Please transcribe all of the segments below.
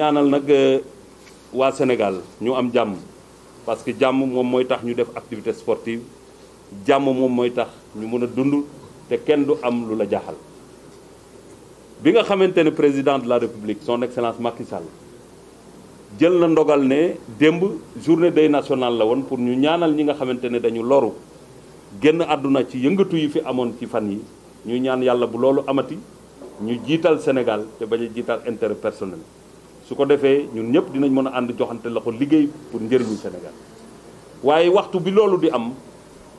ñaanal nag euh, waa Sénégal ñu am jàmm parce que jàmm moom mooy tax ñu def activité sportive jàmm moom mooy tax ñu mën a dund te kenn du am lu la jaaxal. bi nga xamante ne président la république son excellence Macky jël na ndogal ne démb journée day nationale la woon pour ñu ñaanal ñi nga xamante ne dañu loru génn àdduna ci yëngatu yi fi amoon ci fan yi ñu ñaan yàlla bu loolu amati ñu jiital Sénégal te bañ a jiital intérêt personnel. su ko defee ñun ñëpp dinañ mën a ànd joxante la ko liggéey pour njëriñu senegal waaye waxtu bi loolu di am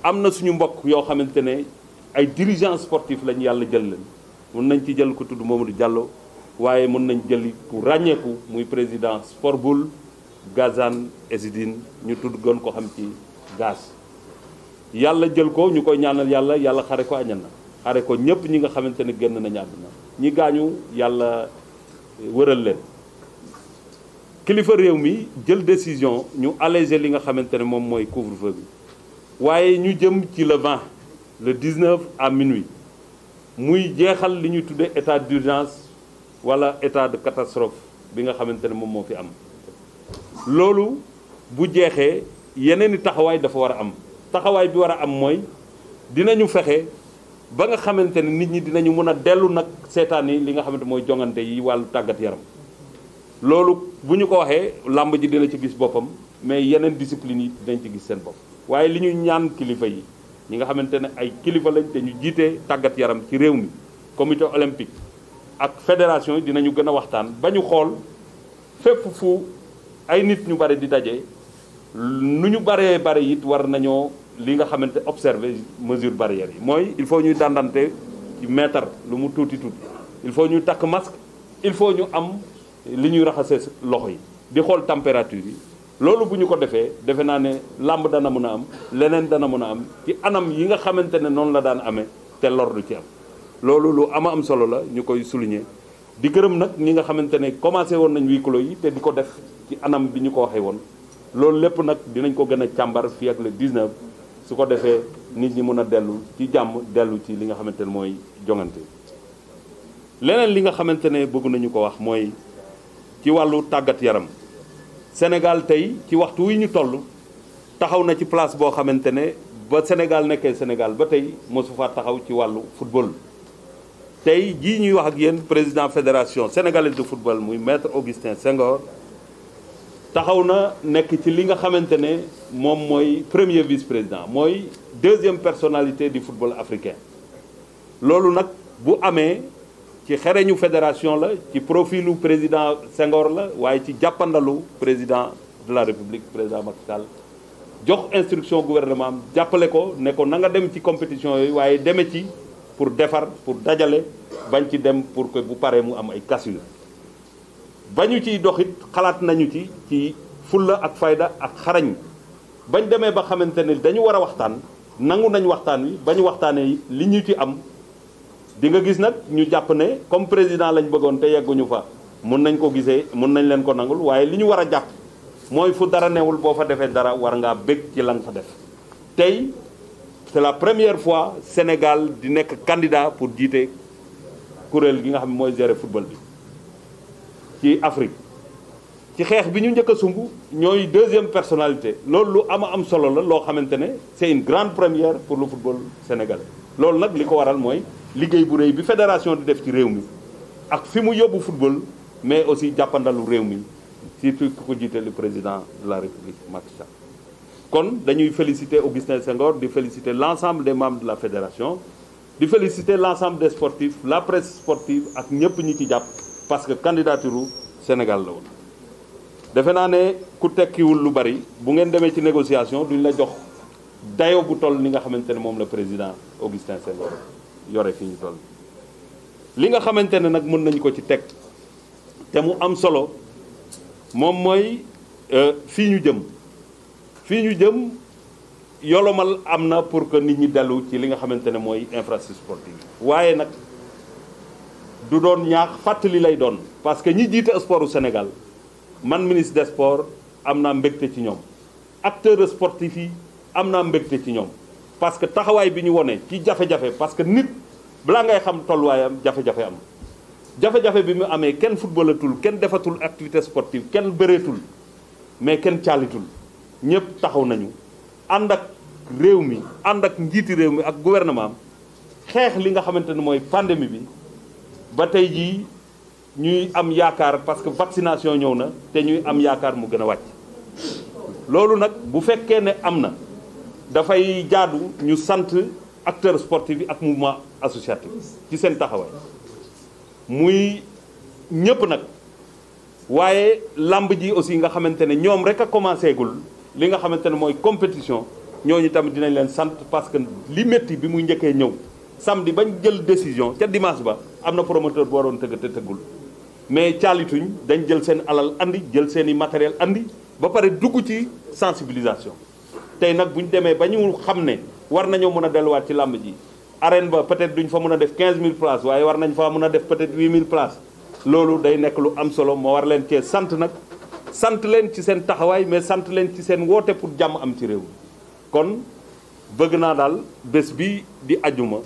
am na suñu mbokk yoo xamante ne ay dirigeants sportifs lañu yàlla jël leen mën nañ ci jël ko tudd moom Mamadou Diallo waaye mën nañ jël ku ràññeeku muy président Sport Boule Gazan Ezidine ñu tudd gën ko xam ci gaz yàlla jël ko ñu koy ñaanal yàlla yàlla xare ko añan na xare ko ñëpp ñi nga xamante ne génn nañu àdduna ñi gaañu yàlla eh, wëral leen kilifa réew mi jël décision ñu alléger li nga xamante ne moom mooy couvre-feu bi waaye ñu jëm ci le 20 le 19 à minuit muy jeexal li ñuy tuddee état d'urgence wala état de catastrophe bi nga xamante ne moom moo fi am loolu bu jeexee yeneen i taxawaay dafa war a am taxawaay bi war a am mooy dinañu fexe ba nga xamante ne nit ñi dinañu mën a dellu nag seetaan yi li nga xamante mooy jongante yi wàllu tàggat yaram loolu bu ñu ko waxee làmb ji dina ci gis boppam mais yeneen discipline yi dinañ ci gis seen bopp waaye li ñuy ñaan kilifa yi ñi nga xamante ne ay kilifa lañ te ñu jiitee tàggat yaram ci réew mi comité olympique ak fédération yi dinañu gën a waxtaan ba ñu xool fépp fu ay nit ñu bare di daje lu ñu baree bare it war nañoo li nga xamante observer mesure barrière yi mooy il faut ñuy dàndante ci mètre lu mu tuuti tuuti il faut ñu takk masque il faut ñu am li ñuy raxasee loxo yi di xool température yi loolu bu ñu ko defee defe naa ne làmb dana mën a am leneen dana mën a am ci anam yi nga xamante ne noonu la daan amee te lor du ci am loolu lu am am solo la ñu koy souligner di gërëm nag ñi nga xamante ne commencé woon nañ huis clos yi te di ko def ci anam bi ñu ko waxee woon loolu lépp nag dinañ ko gën a càmbar fii ak le 19 su ko defee nit ñi mën a dellu ci jàmm dellu ci li nga xamante ne mooy jongante leneen li nga xamante ne bëgg nañu ko wax mooy ci wàllu tàggat yaram Sénégal tey ci waxtu wi ñu toll taxaw na ci place boo xamante ne ba Sénégal nekkee Sénégal ba tey mosu faa taxaw ci wàllu football. tey jii ñuy wax ak yéen président fédération sénégalaise de football muy maître Augustin Senghor taxaw na nekk ci li nga xamante ne moom mooy premier vice président mooy deuxième personnalité di football africain loolu nag bu amee. ci xereñu fédération la ci profiilu président Senghor la waaye ci jàppandalu président de la république président Macky Sall jox instruction gouvernement am jàppale ko ne ko na dem ci compétition yooyu waaye deme ci pour defar pour dajale bañ ci dem pour que bu paree mu am ay cassure bañu ciy doxit xalaat nañu ci ci fulla ak fayda ak xarañ bañ demee ba xamante ne dañu war a waxtaan nangu nañ waxtaan wi bañ waxtaanee li ñu ci am di nga gis nag ñu jàpp ne comme président lañ bëggoon te yegguñu fa mun nañ ko gisee mun nañ leen ko nangul waaye li ñu war a jàpp mooy fu dara newul boo fa defee dara war ngaa bég ci la fa def tey c'est la première fois Sénégal di nekk candidat pour jiite kuréel gi nga xam ne mooy gérer football bi ci Afrique ci xeex bi ñu njëkk a sumb ñooy deuxième personnalité loolu lu ama am solo la loo xamante ne c'est une grande première pour le football sénégalais loolu nag li ko waral mooy liggéey bu rëy bi fédération di def ci réew mi ak fi mu yóbbu football mais aussi jàppandalu réew mi surtout ku ko jiite le président de la république Macky kon dañuy féliciter Augustin Senghor di féliciter l'ensemble des membres de la fédération di féliciter l'ensemble des sportifs la presse sportive ak ñëpp ñi ci jàpp parce que candidature u Sénégal la woon defe naa ne ku tekkiwul lu bari bu ngeen demee ci négociation duñ la jox dayo bu toll ni nga xamante ne moom la président Augustin Senghor yore fii ñu toll li nga xamante ne nag mën nañ ko ci teg te mu am solo moom mooy euh, fii ñu jëm fii ñu jëm yolomal am na pour que nit ñi dellu ci li nga xamante ne mooy infrastructure sportive waaye nag du doon ñaax fàttali lay doon parce que ñi jiite sportu Sénégal man ministre des sports am naa mbégte ci ñoom acteurs sportifs yi am naa mbégte ci ñoom parce que taxawaay bi ñu wone ci jafe-jafe parce que nit balaa ngay xam tolluwaayam jafe-jafe am jafe-jafe bi mu amee kenn footballatul kenn defatul activité sportive kenn bëreetul mais kenn caalitul ñëpp taxaw nañu ànd ak réew mi ànd ak njiiti réew mi ak gouvernement xeex li nga xamante ne mooy pandémie bi ba tey jii ñuy am yaakaar parce que vaccination ñëw na te ñuy am yaakaar mu gën a wàcc loolu nag bu fekkee ne am na dafay jaadu ñu sant acteur sportifs yi ak mouvement associatif ci seen taxawaay muy ñëpp nag waaye làmb ji aussi nga xamante ne ñoom rek a commencé gul li nga xamante ne mooy compétition ñooñu tamit dinañ leen sant parce que li métti bi muy njëkkee ñëw samedi bañ jël décision ca dimanche ba am na promoteur bu waroon tëgg te tëggul mais caalituñ dañ jël seen alal andi jël seen i matériel andi ba pare dugg ci sensibilisation tey nag buñ demee ba ñu xam ne war nañoo mën a delluwaat ci làmb ji arène ba peut-être duñ fa mën a def 15000 places waaye war nañ faa mën a def peut-être 8000 places loolu day nekk lu am solo moo war leen cee sant nag sant leen ci seen taxawaay mais sant leen ci seen woote pour jàmm am ci réew mi kon bëgg naa daal bés bi di ajuma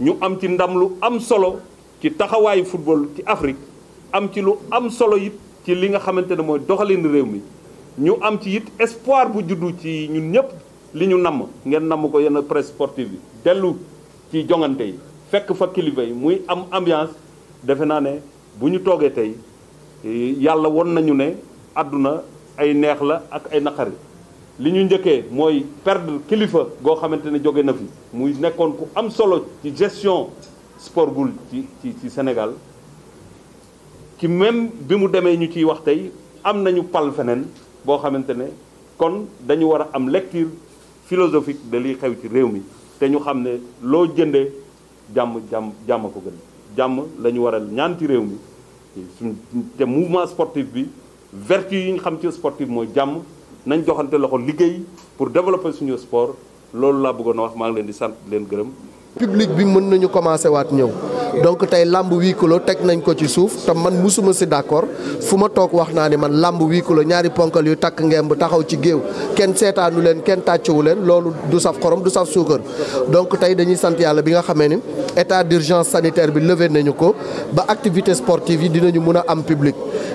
ñu am ci ndam lu am solo ci taxawaayu football ci Afrique am ci lu am solo it ci li nga xamante ne mooy doxalin réew mi ñu am ci it espoir bu juddu ci ñun ñëpp li ñu namm ngeen namm ko yenn presse sportive bi dellu ci jongante yi fekk fa kilifa yi muy am ambiance defe naa ne bu ñu toogee tey yàlla won nañu ne àdduna ay neex la ak ay naqari li ñu njëkkee mooy perdre kilifa goo xamante ne jóge na fi muy nekkoon ku am solo ci gestion sport gul ci ci ci ki même bi mu demee ñu ciy wax tey am nañu pal feneen boo xamante ne kon dañu war a am lecture philosophique de liy xew ci réew mi te ñu xam ne loo jëndee jàmm jàmm jàmm ko gën jàmm la war a ñaan ci réew mi suñ te mouvement sportif bi vertu yi ñu xam ci sportif mooy jàmm nañ joxante loxo liggéey pour développer suñu sport loolu laa bëggoon a wax maa ngi leen di sant leen gërëm public bi mën nañu commencé waat ñëw donc tey làmb huis clos teg nañ ko ci suuf te man musuma si d'accord fu ma toog wax naa ni man làmb huis clos ñaari ponkal yu takk ngemb taxaw ci géew kenn seetaanu leen kenn tàccewu leen loolu du saf xorom du saf suukar donc tey dañuy sant yàlla bi nga xamee ni état d'urgence sanitaire bi levé nañu ko ba activité sportive yi dinañu mun a am public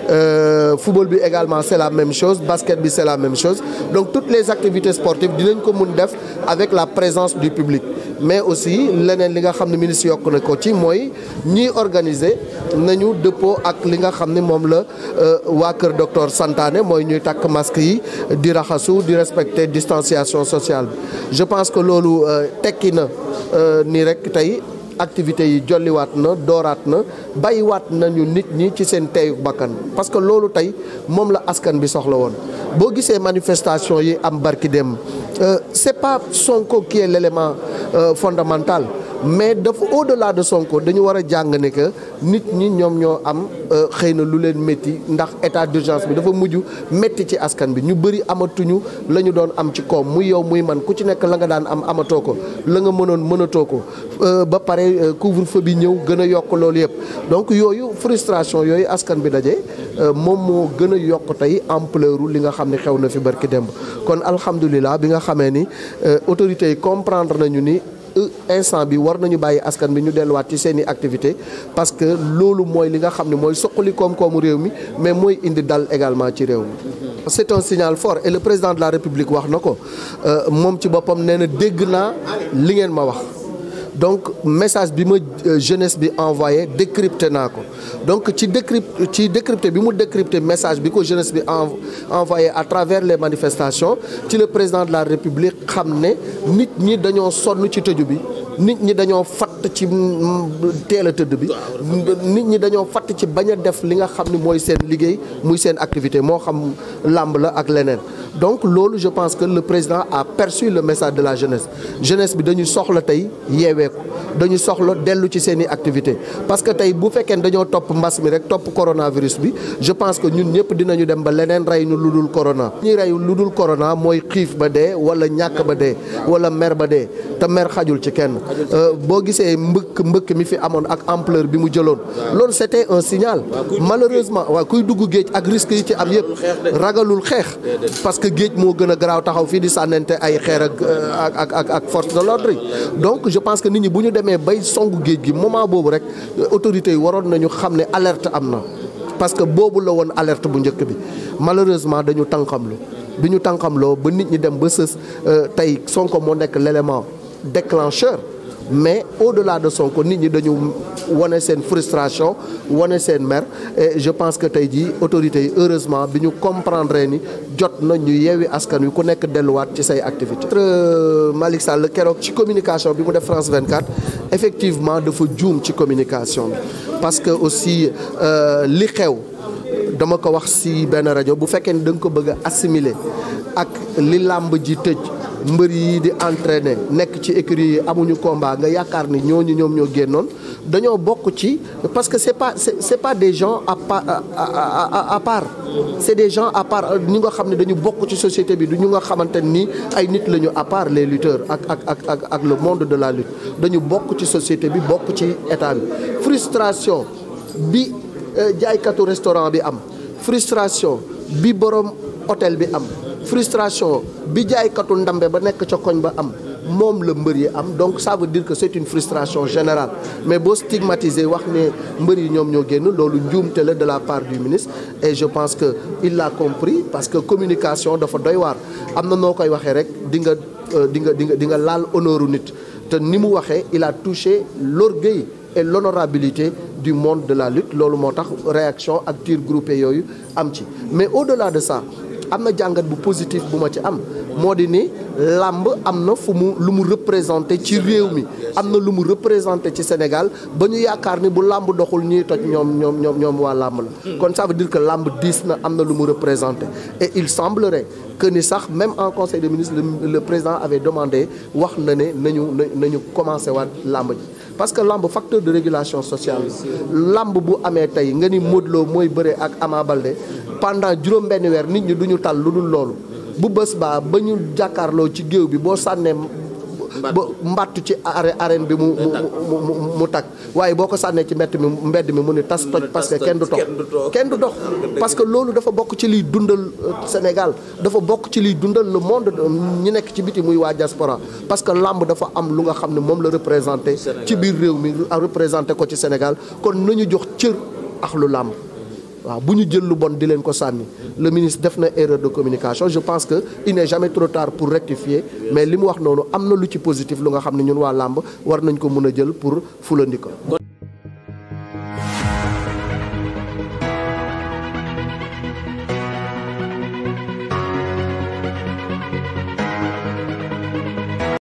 euh, football bi également c'est la même chose basket bi c'est la même chose donc toutes les activités sportives dinañ ko mun def avec la présence du public mais aussi leneen li nga xam ne ministre yokk na ko ci mooy ñiy organiser nañu dëppoo ak li nga xam ni moom la euh, waa kër docteur santaane mooy ñuy takk masque yi di raxasu di respecter distanciation sociale bi je pense que loolu euh, tekki na euh, nii rek tey activités yi jolliwaat na dooraat na bàyyiwaat nañu nit ñi ci seen teyu bakkan parce que loolu tey moom la askan bi soxla woon boo gisee manifestation yi am barki dem euh, c'est pas Sonko qui est l'élément euh, mais dafa au-delà de Sonko dañu war a jàng ne que nit ñi ñoom ñoo am euh, xëy na lu leen métti ndax état d'urgence bi dafa mujj métti ci askan bi ñu bëri amatuñu la ñu doon am ci koom muy yow muy man ku ci nekk la nga daan am amatoo ko la nga mënoon mënatoo ko euh, ba pare euh, couvre-feu bi ñëw gën a yokk loolu yëpp donc yooyu frustration yooyu askan bi daje moom moo gën a yokk tey ampleur li nga xam ne xew na fi barki demb kon alhamdulilah bi nga xamee ni autorités yi comprendre nañu ni instant bi war nañu bàyyi askan bi ñu delluwaat ci seen i activité parce que loolu mooy li nga xam ne mooy suqali koom-koomu réew mi mais mooy indi dal également ci réew mi c'est un signal fort et le président de la république wax na ko euh, moom ci boppam nee na dégg naa li ngeen ma wax donc message bi ma euh, jeunesse bi envoyé décrypté naa ko donc ci décrypté ci décrypté bi mu décrypté message bi ko jeunesse bi envoyé à travers les manifestations ci le président de la république xam ne nit ñi dañoo sonn ci tëju bi nit ñi dañoo fatt ci mm, teel a tëdd bi nit ñi dañoo fatt ci bañ a def li nga xam ni mooy seen liggéey muy seen activité moo xam làmb la ak leneen donc loolu je pense que le président a perçu le message de la jeunesse jeunesse bi dañu soxla tey ubbeeku dañu soxla dellu ci seen i activité parce que tey bu fekkee dañoo topp mbas mi rek topp coronavirus bi je pense que ñun ñëpp dinañu dem ba leneen rey ñu ludul corona. ñuy rey ludul corona mooy xiif ba dee wala ñàkk ba dee wala mer ba dee te mer xajul ci kenn euh, boo gisee mbëkk mbëkk mi fi amoon ak ampleur bi mu jëloon loolu c'était un signal malheureusement waaw kuy dugg géej ak risque yi ci am yëpp ragalul xeex parce que géej moo gën a garaaw taxaw fii di sànnante ay xeer ak euh, ak ak ak force nit ñi bu ñu demee bay songu géej gi moment boobu rek euh, autorités yi waroon nañu xam ne alerte am na parce que boobu la woon alerte bu njëkk bi malheureusement dañu tànqamlu bi ñu tànqamloo ba nit ñi dem ba sës euh, tey Sonko moo nekk l'élément déclencheur mais au-delà de de Sonko nit ñi dañu wane seen frustration wane seen mer et je pense que tey jii autorités yi heureusement bi ñu comprendre ni jot na ñu yeewi askan wi ku nekk delluwaat ci say activités. Euh, Malick keroog ci communication bi mu def France 24 effectivement dafa juum ci communication bi parce que aussi euh, li xew dama ko wax si benn rajo bu fekkee ni danga ko bëgg a ak li làmb ji tëj. mbër yi di entraîner nekk ci écurie yi amuñu combat nga yaakaar ni ñoo ñooñu ñoom ñoo génnoon dañoo bokk ci parce que c'est pas c'est, c'est pas des gens à part à part c'est des gens à part ñi nga xam ne dañu bokk ci société bi du ñu nga xamante ni ay nit la ñu à part les lutteurs ak ak ak ak ak le monde de la lutte dañu bokk ci société bi bokk ci état bi frustration bi euh, jaaykatu restaurant bi am frustration bi borom hôtel bi am frustration bi jaaykatu ndambe ba nekk ca koñ ba am moom la mbër yi am donc ça veut dire que c'est une frustration générale mais boo stigmatiser wax ne mbër yi ñoom ñoo génn loolu njuumte la de la part du ministre et je pense que il l'a compris parce que communication dafa doy waar am na noo koy waxee rek di nga euh, di nga di nga di nga laal honneuru nit te ni mu waxee il a touché l'orgueil et l'honorabilité du monde de la lutte loolu moo tax réaction ak tir groupé yooyu am ci mais au-delà de ça am na jàngat bu positif bu ma ci am moo di nii làmb am na fu mu lu mu représenté ci réew mi am na lu mu représenté ci Sénégal ba ñu yaakaar ni bu làmb doxul ñuy toj ñoom ñoom ñoom ñoom waa làmb la hmm. kon ça veut dire que làmb diis na am na lu mu représenté et il semblerait que ni sax même en conseil de ministres le, le président avait demandé wax na ne na ñu na nañu commencé waat làmb ji parce que lamb facteur de régulation sociale lamb bu amee tey nga ni Modou mooy bëre ak Ama Baldé pendant juróom-benn weer nit ñi du ñu tal lu dul loolu bu bës baa ba ñu jàkkaarloo ci géew bi boo sànnee ba mbattu ci arène bi mu mu mu takk waaye boo ko sànnee ci mbett mi mbedd mi mu ni tas toj parce que kenn du tox kenn du dox parce que loolu dafa bokk ci liy dundal euh, Sénégal dafa bokk ci liy dundal le monde ñu nekk ci bitim muy waa diaspora parce que làmb dafa am lu nga xam ne moom la représenté ci biir réew mi représenté ko ci Sénégal kon nañu jox cër ak lu làmb waaw bu ñu jël lu bon di leen ko sànni le ministre def na erreur de communication je pense que il n'est jamais trop tard pour rectifier mais li mu wax noonu am na lu ci positif lu nga xam ne ñun waa làmb war nañ ko mën a jël pour fulandi ko